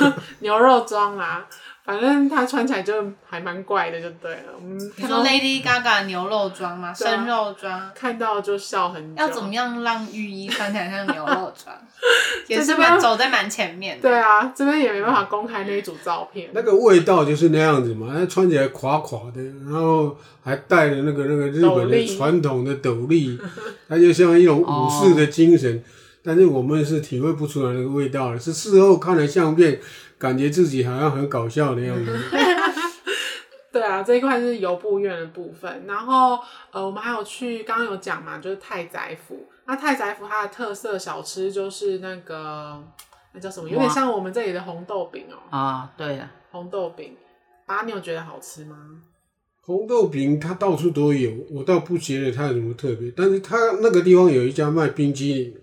牛肉裝啦、啊。反正他穿起來就還蠻怪的，就對了。你說 Lady Gaga 牛肉裝嘛？生、嗯啊、肉裝，看到就笑很久。要怎麼樣讓浴衣穿起來像牛肉裝？ 也是蠻走在蠻前面的。對啊，這邊也沒辦法公開那一組照片。嗯、那個味道就是那樣子嘛，他穿起來垮垮的，然後還帶着那個那個日本的傳統的斗笠，它力就像一種武士的精神。哦、但是我們是體會不出來那個味道的，是事後看了相片。感覺自己好像很搞笑的樣子。 對啊，這一塊是由布院的部分。然後，呃，我們還有去，剛剛有講嘛，就是太宰府。那太宰府它的特色小吃就是那個那叫什麼，有點像我們這裡的紅豆餅哦、喔。啊，對，紅豆餅、啊，你有覺得好吃嗎？紅豆餅它到處都有，我倒不覺得它有什麼特別。但是它那個地方有一家賣冰激凌。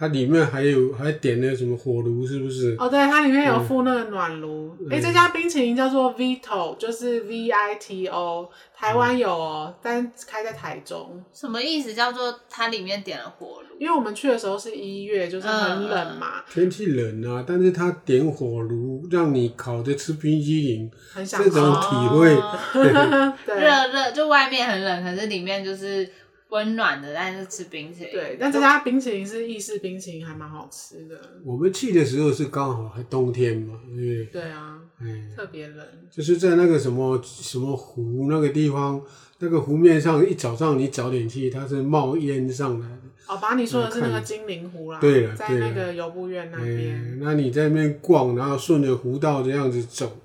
它裡面還有還點那個什麼火爐，是不是？哦，對，它裡面有附那個暖爐。哎、嗯欸，這家冰淇淋叫做 Vito，就是 V I T O，台灣有，哦，嗯、但開在台中。什麼意思？叫做它裡面點了火爐？因為我們去的時候是一月，就是很冷嘛。嗯嗯、天氣冷啊，但是它點火爐，讓你烤着吃冰淇淋，這種體會，對，熱熱就外面很冷，可是裡面就是。溫暖的，但是吃冰淇淋。對，但這家冰淇淋是意式冰淇淋，還蠻好吃的、嗯。我們去的時候是剛好還冬天嘛，因為對啊，欸、特別冷。就是在那個什麼什麼湖那個地方，那個湖面上一早上，你早點去，它是冒煙上來的。哦，爸，你說的是那個金鱗湖啦，啊、對了啦，在那個由布院那邊、欸。那你在那邊逛，然後順着湖道這樣子走，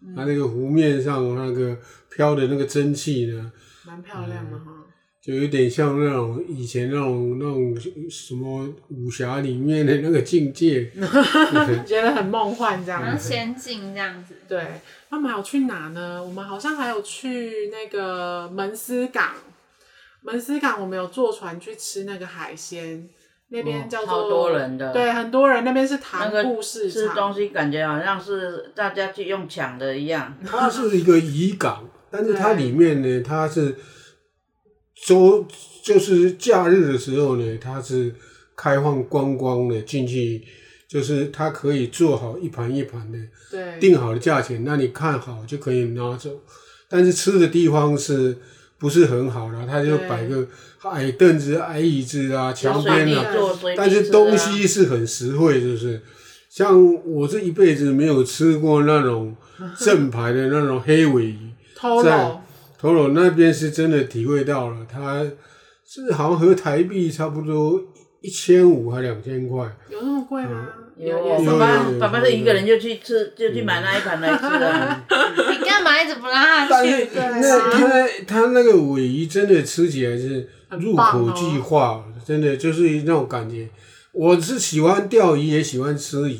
那、嗯啊、那個湖面上那個飄的那個蒸汽呢，蠻漂亮的哈。啊嗯就有點像那種以前那種那種什麼武俠裡面的那個境界。 你覺得很夢幻這樣，仙境這樣子。樣子對，他們還有去哪呢？我們好像還有去那個門司港，門司港，我們有坐船去吃那個海鮮，那邊叫做、哦、多人的，對，很多人那邊是唐戶市場，吃東西感覺好像是大家去用搶的一樣。 它是一個漁港，但是它裡面呢，對它是。週就是假日的時候呢，它是開放觀光，光的，進去就是它可以做好一盤一盤的，對，定好的價錢，那你看好就可以拿走。但是吃的地方是不是很好了？他就擺個矮凳子，矮椅子、啊、對矮椅子啊，牆邊啊，啊但是東西是很實惠，是不是？啊、像我這一輩子沒有吃過那種正牌的那種黑鮪魚。 懶朋友那邊是真的體會到了，它是好像和台幣差不多一千五還兩千塊，有那麼貴嗎？嗯、有，爸爸爸爸是一個人就去吃，就去買那一盤來吃的。你幹嘛一直不拉下去？那他他那個鮪魚真的吃起來是入口即化，哦、真的就是那種感覺。我是喜歡釣魚也喜歡吃魚，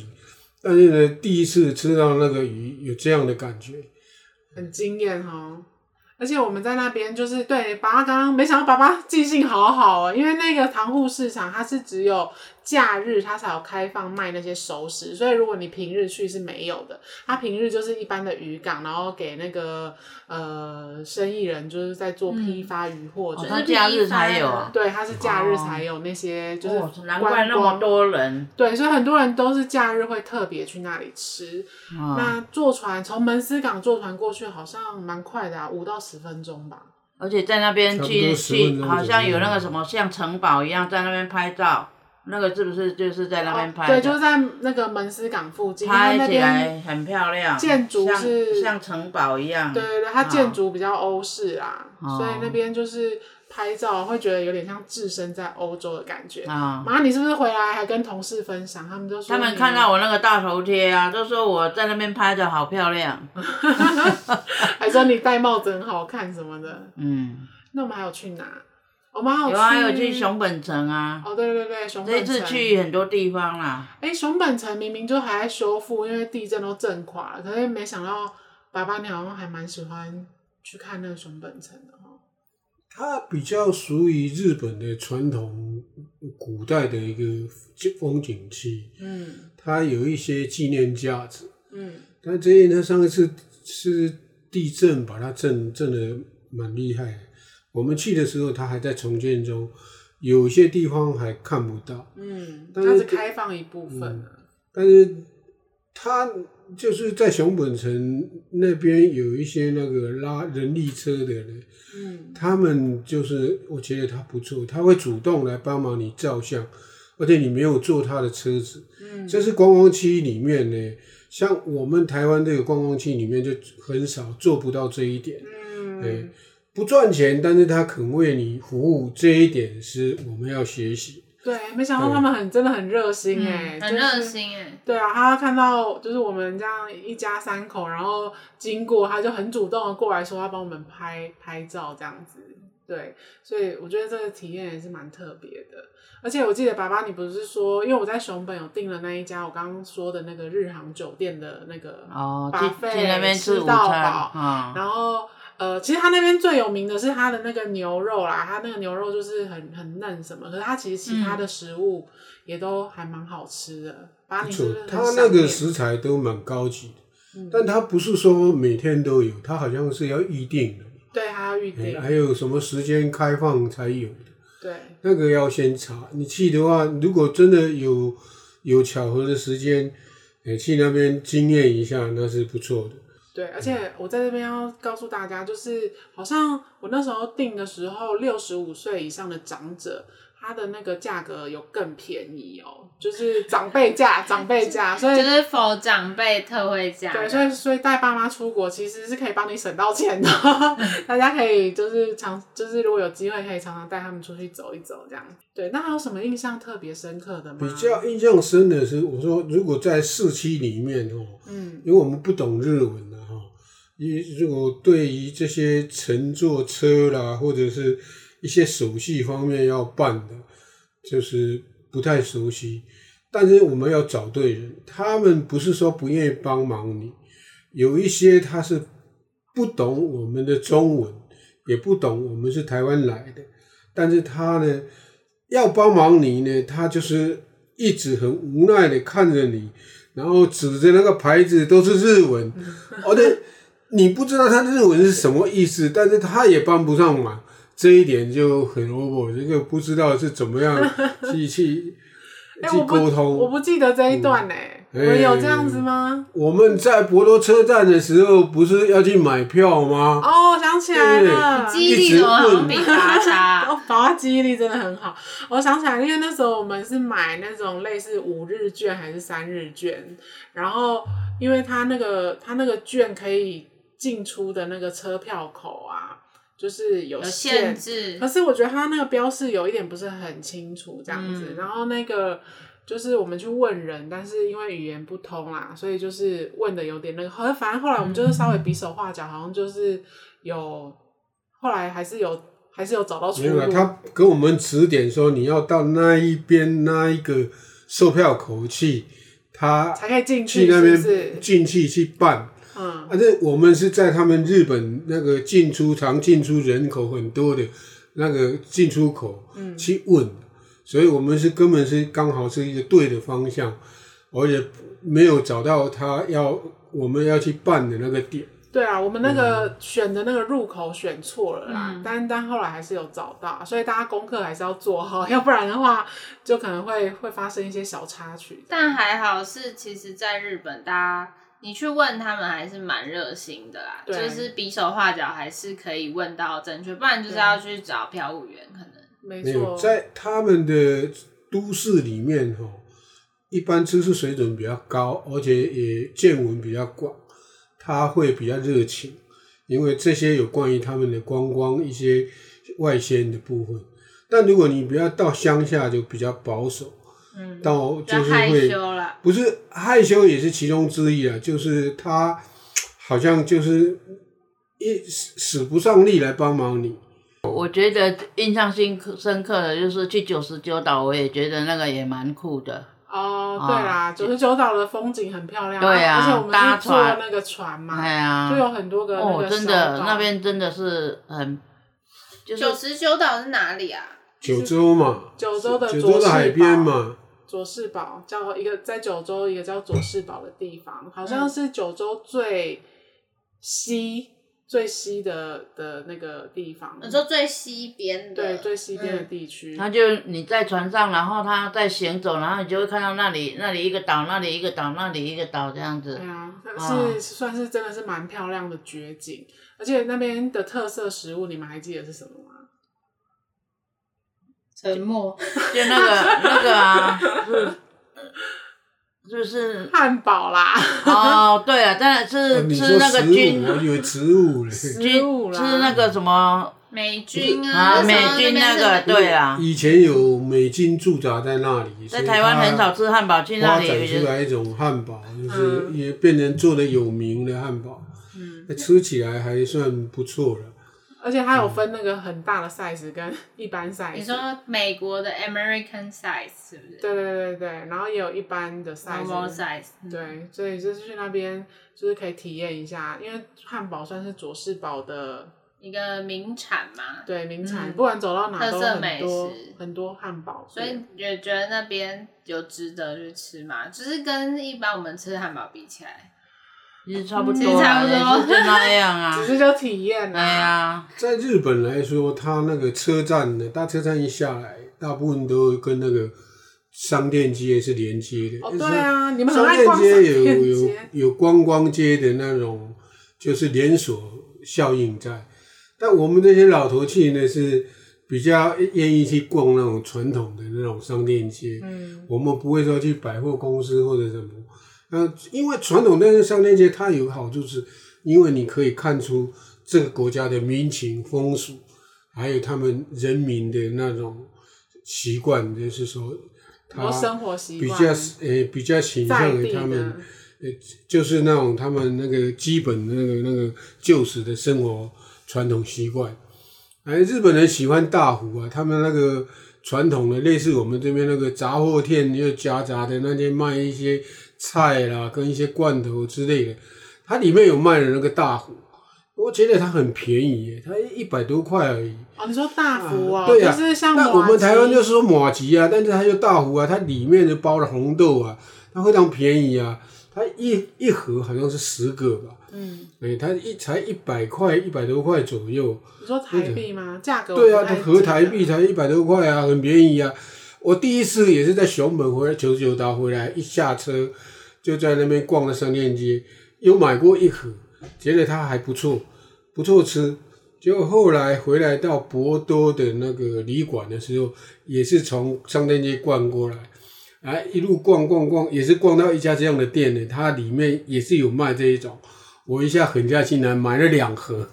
但是呢，第一次吃到那個魚有這樣的感覺，很驚艷哦。而且我們在那邊就是對，爸爸剛剛沒想到爸爸記性好好哦、喔，因為那個唐戶市場它是只有。假日他才有開放賣那些熟食，所以如果你平日去是沒有的。他平日就是一般的漁港，然後給那個呃生意人，就是在做批發魚貨。他、嗯是，哦、是假日才有、啊。對，他是假日才有那些就是、哦。難怪那麼多人。對，所以很多人都是假日會特別去那裡吃。哦、那坐船從門司港坐船過去好像蠻快的、啊，五到十分鐘吧。而且在那邊進去，去好像有那個什麼像城堡一樣在那邊拍照。那個是不是就是在那邊拍的？哦、對，就是、在那個門司港附近。拍起來很漂亮。建築是像，像城堡一樣。對對，它建築比較歐式啊，哦、所以那邊就是拍照會覺得有點像置身在歐洲的感覺。啊、哦，媽，你是不是回來還跟同事分享？他們就說他們看到我那個大頭貼啊，都說我在那邊拍的好漂亮，哈哈哈。還說你戴帽子很好看什麼的。嗯，那我們還有去哪？哦、好，去有啊，有去熊本城啊！哦，對對對，熊本城。這次去很多地方啦。哎，熊本城明明就還在修復，因為地震都震垮了，可是沒想到爸爸你好像還蠻喜歡去看那個熊本城的哦。它比較屬於日本的傳統古代的一個風景區。嗯。它有一些紀念價值。嗯。但最近它上一次是地震把它震震得蠻厲害的。我們去的時候，它還在重建中，有些地方還看不到。嗯，它是，是開放一部分的。嗯。但是它就是在熊本城那邊有一些那個拉人力車的人。嗯，他們就是我覺得他不錯，他會主動來幫忙你照相，而且你沒有坐他的車子。嗯，這是觀光區裡面呢，像我們台灣這個觀光區裡面就很少做不到這一點。嗯。對。欸。不賺錢，但是他肯為你服務，這一點是我們要學習。對，沒想到他們很真的很熱心誒，很熱心誒，對啊，他看到就是我們這樣一家三口，然後經過他就很主動的過來說要幫我們拍拍照這樣子。對，所以我覺得這個體驗也是蠻特別的。而且我記得爸爸，你不是說，因為我在熊本有訂了那一家我剛剛說的那個日航酒店的那個哦，buffet 那邊吃到飽啊，然後。呃，其實他那邊最有名的是他的那個牛肉啦，他那個牛肉就是很很嫩什麼，可是他其實其他的食物也都還蠻好吃的。他、嗯、那個食材都蠻高級的，嗯、但他不是說每天都有，他好像是要預定的。對，他要預定、欸，還有什麼時間開放才有的？對，那個要先查。你去的話，如果真的有有巧合的時間，你、欸、去那邊經驗一下，那是不錯的。對，而且我在這邊要告訴大家，就是好像我那時候訂的時候，六十五歲以上的長者，他的那個價格有更便宜哦、喔，就是長輩價，長輩價， 就是、所以就是 for 長輩特惠價。對，所以所以帶爸媽出國其實是可以幫你省到錢的， 大家可以就是常就是如果有機會可以常常帶他們出去走一走這樣。對，那還有什麼印象特別深刻的嗎？比較印象深的是，我說如果在市區裡面哦、喔，嗯，因為我們不懂日文。如果對於這些乘坐車啦，或者是一些手續方面要辦的，就是不太熟悉。但是我們要找對人，他們不是說不願意幫忙你。有一些他是不懂我們的中文，也不懂我們是台灣來的。但是他呢，要幫忙你呢，他就是一直很無奈的看着你，然後指着那個牌子都是日文。哦、 oh，對。你不知道他日文是什麼意思，對但是他也幫不上忙，這一點就很弱。這個不知道是怎麼樣去 去去溝通、欸我。我不記得這一段呢。嗯欸、我們有這樣子嗎？我們在博多車站的時候，不是要去買票嗎？哦，我想起來了，對對對記憶力我 哦寶寶記憶力真的很好。我想起來，因為那時候我們是買那種類似五日券還是三日券，然後因為他那個他那個券可以，進出的那個車票口啊，就是有限制。限制，可是我覺得他那個標示有一點不是很清楚，這樣子。嗯、然後那個就是我們去問人，但是因為語言不通啦，所以就是問的有點那個。和反正後來我們就是稍微比手畫腳，嗯、好像就是有後來還是有還是有找到出路。他給我們指點說，你要到那一邊那一個售票口去，他去去才可以進去是是，去那邊進去去辦。啊，而且我們是在他們日本那個進出常進出人口很多的那個進出口，嗯，去問，所以我們是根本是剛好是一個對的方向，我也沒有找到他要我們要去辦的那個點。對啊，我們那個選的那個入口選錯了啦，嗯，但但後來還是有找到，所以大家功課還是要做好，要不然的話就可能會會發生一些小插曲。但還好是，其實在日本大家，你去問他們還是蠻熱心的啦，就是比手畫腳還是可以問到正確，不然就是要去找票務員可能，沒錯。沒有，在他們的都市裡面，一般知識水準比較高，而且也見聞比較廣，他會比較熱情，因為這些有關於他們的觀光一些外宣的部分。但如果你不要到鄉下，就比較保守。嗯、到就是就害羞了，不是害羞也是其中之一啊，就是他好像就是一使不上力來幫忙你。我覺得印象深深刻的，就是去九十九島，我也覺得那個也蠻酷的。哦，對啦、啊，九十九島的風景很漂亮，啊，對啊，就是我們搭坐那個船嘛，船對啊，就有很多個，個哦，真的那邊真的是很。九十九島是哪裡啊？九州嘛，是，九州的九州的海邊嘛。佐世保，叫一個在九州一個叫佐世保的地方，嗯、好像是九州最西最西的的那個地方，你說、嗯、對最西邊，對，最西邊的地區。它、嗯、就你在船上，然後它在行走，然後你就會看到那裡，那裡一個島，那裡一個島，那裡一個島這樣子。對啊，是、哦、算是真的是蠻漂亮的絕景，而且那邊的特色食物，你們還記得是什麼嗎？沉默，就那個那個啊，就是漢堡啦。哦，對啊，但是吃那個菌，我以為植物嘞，菌，吃那個什麼美軍啊，美軍那個，對啊，以前有美軍駐紮在那裡，在台灣很少吃漢堡，去那裡發展出來一種漢堡，就是也變成做得有名的漢堡，吃起來還算不錯了。而且它有分那個很大的 size 跟一般 size、嗯。你說美國的 American size 是不是？對對對對對，然後也有一般的 size,、no more size 嗯。Small size。對，所以就是去那邊就是可以體驗一下，因為漢堡算是佐世保的一個名產嘛。對名產，嗯、不管走到哪特色美食都很多很多漢堡，所以也覺得那邊有值得去吃嘛，就是跟一般我們吃的漢堡比起來。也差不多，就差不多，是不是就那樣啊？就是叫體驗啊！對啊、在日本來說，他那個車站呢，大車站一下來，大部分都跟那個商店街是連接的。哦，對啊，你們很愛逛商店街。有有有觀光街的那種，就是連鎖效應在。但我們這些老頭去呢，是比較願意去逛那種傳統的那種商店街。嗯。我們不會說去百貨公司或者什麼。呃、啊，因為傳統那個商店街，它有個好處是，因為你可以看出這個國家的民情風俗，還有他們人民的那種習慣，就是說，他比較呃比，、欸、比較形象於他們，呃、欸、就是那種他們那個基本那個那個舊時的生活傳統習慣。哎、欸，日本人喜歡大壺啊，他們那個傳統的類似我們這邊那個雜貨店又夾雜的那些賣一些。菜啦，跟一些罐頭之類的，它裡面有賣的那個大福，我覺得它很便宜，它一百多塊而已。哦，你說大福、哦、啊？對呀、啊。那我們台灣就是說麻糬啊，但是它有大福啊，它裡面就包了紅豆啊，它非常便宜啊，它一一盒好像是十個吧。嗯、欸。它一才一百塊，一百多塊左右。你說台幣嗎？價格？對啊，它合台幣才一百多塊啊，很便宜啊。嗯、我第一次也是在熊本回來九州島回來，一下車。就在那邊逛了商店街，又買過一盒，覺得它還不錯，不錯吃。結果後來回來到博多的那個旅館的時候，也是從商店街逛過來，哎，一路逛逛逛，也是逛到一家這樣的店呢。它裡面也是有賣這一種，我一下狠下心來買了兩盒，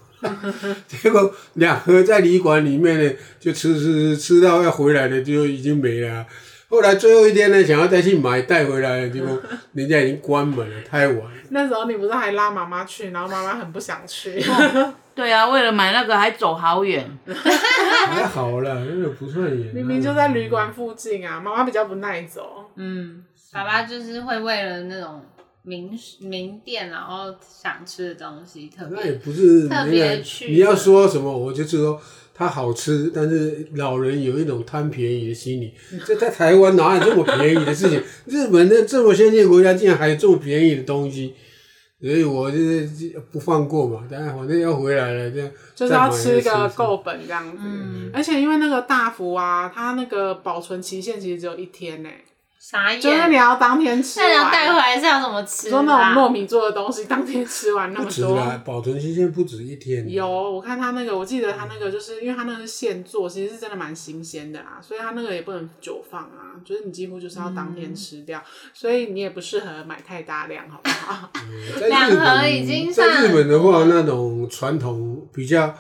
結果兩盒在旅館裡面呢，就吃吃吃吃到要回來了，就已經沒了。後來最後一天呢，想要再去買帶回來，結果人家已經關門了，太晚了。那時候你不是還拉媽媽去，然後媽媽很不想去。 對啊，為了買那個還走好遠。對 還好啦，那個不算遠。明明就在旅館附近啊，媽媽比較不耐走。嗯，爸爸就是會為了那種名名店，然後想吃的東西特別，那也不是特別去。你要說什麼，我就就說。它好吃，但是老人有一種貪便宜的心理。這在台灣哪有這麼便宜的事情？ 日本的這麼先進國家，竟然還有這麼便宜的東西，所以我就是不放過嘛。但是反正要回來了，這樣就是要吃個夠本這樣子。嗯嗯，而且因為那個大福啊，它那個保存期限其實只有一天呢。啥意思？就是你要當天吃。那你要帶回來是要怎麼吃、啊？說那種糯米做的東西，當天吃完那麼多。不保存期限不止一天、啊。有，我看他那個，我記得他那個，就是、嗯、因為他那個是現做，其實是真的蠻新鮮的啦、啊，所以他那個也不能久放啊，就是你幾乎就是要當天吃掉，嗯、所以你也不適合買太大量，好不好？兩盒、嗯、 已經算。在日本的話，那種傳統比較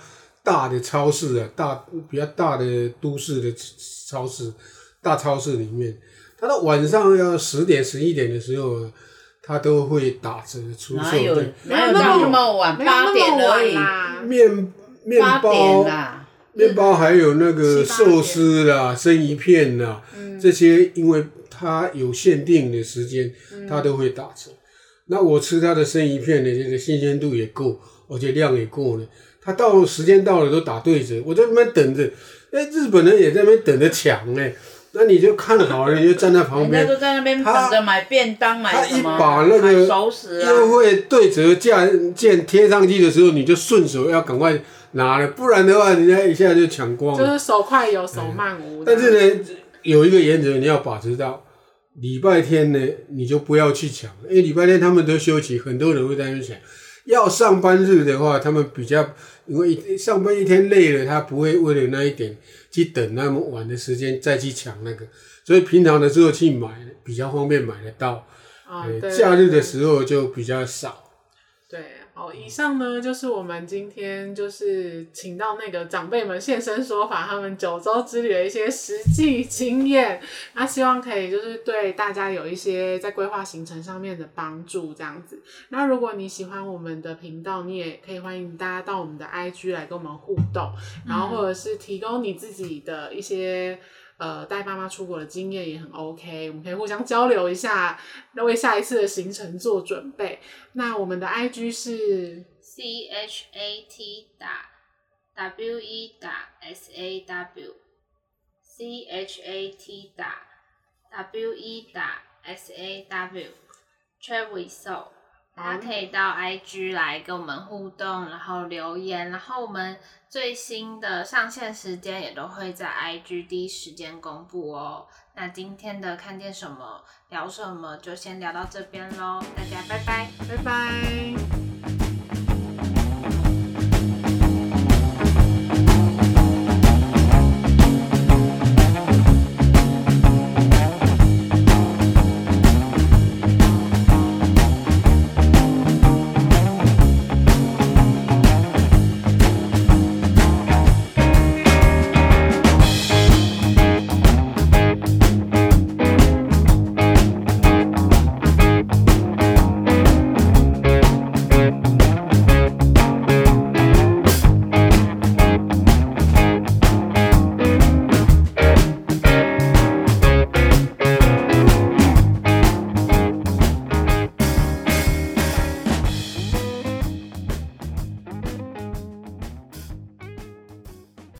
大的超市的、啊，大比較大的都市的超市，大超市裡面。他到晚上要十點、十一點的時候，他都會打折出售的。沒有，對有，有那麼晚，八點而已。麵麵麵包、麵包還有那個壽司啦、7, 生魚片啦、嗯、這些，因為它有限定的時間，它都會打折。嗯、那我吃它的生魚片的這個新鮮度也夠，而且量也夠了。他到時間到了都打對折，我在那邊等着、欸，日本人也在那邊等着搶呢。嗯那你就看好了，對你就站在旁邊。人家都在那邊等着買便當，他買什麼？買熟食啊。又會對折價券貼上去的時候，你就順手要趕快拿了，不然的話，人家一下就搶光了。就是手快有，手慢無。哎、呀但是呢，對有一個原則你要把持到，禮拜天呢，你就不要去搶，因為禮拜天他們都休息，很多人會在那邊搶。要上班日的話，他們比較因為上班一天累了，他不會為了那一點。去等那麼晚的時間再去搶那個，所以平常的時候去買比較方便買得到，啊，對對對。呃，假日的時候就比較少。好，以上呢，就是我們今天就是請到那個長輩們現身說法，他們九州之旅的一些實際經驗。那希望可以就是對大家有一些在規劃行程上面的幫助，這樣子。那如果你喜歡我們的頻道，你也可以歡迎大家到我們的 IG 來跟我們互動，嗯、然後或者是提供你自己的一些。呃，帶爸媽出國的經驗也很 OK，我們可以互相交流一下，為下一次的行程做準備。那我們的 IG 是 c h a t w e s a w，c h a t w e s a w travel s o 大家可以到 IG 來跟我們互動，然後留言，然後我們最新的上線時間也都會在 IG 第一時間公布哦、喔。那今天的看見什麼，聊什麼，就先聊到這邊嘍，大家拜拜，拜拜。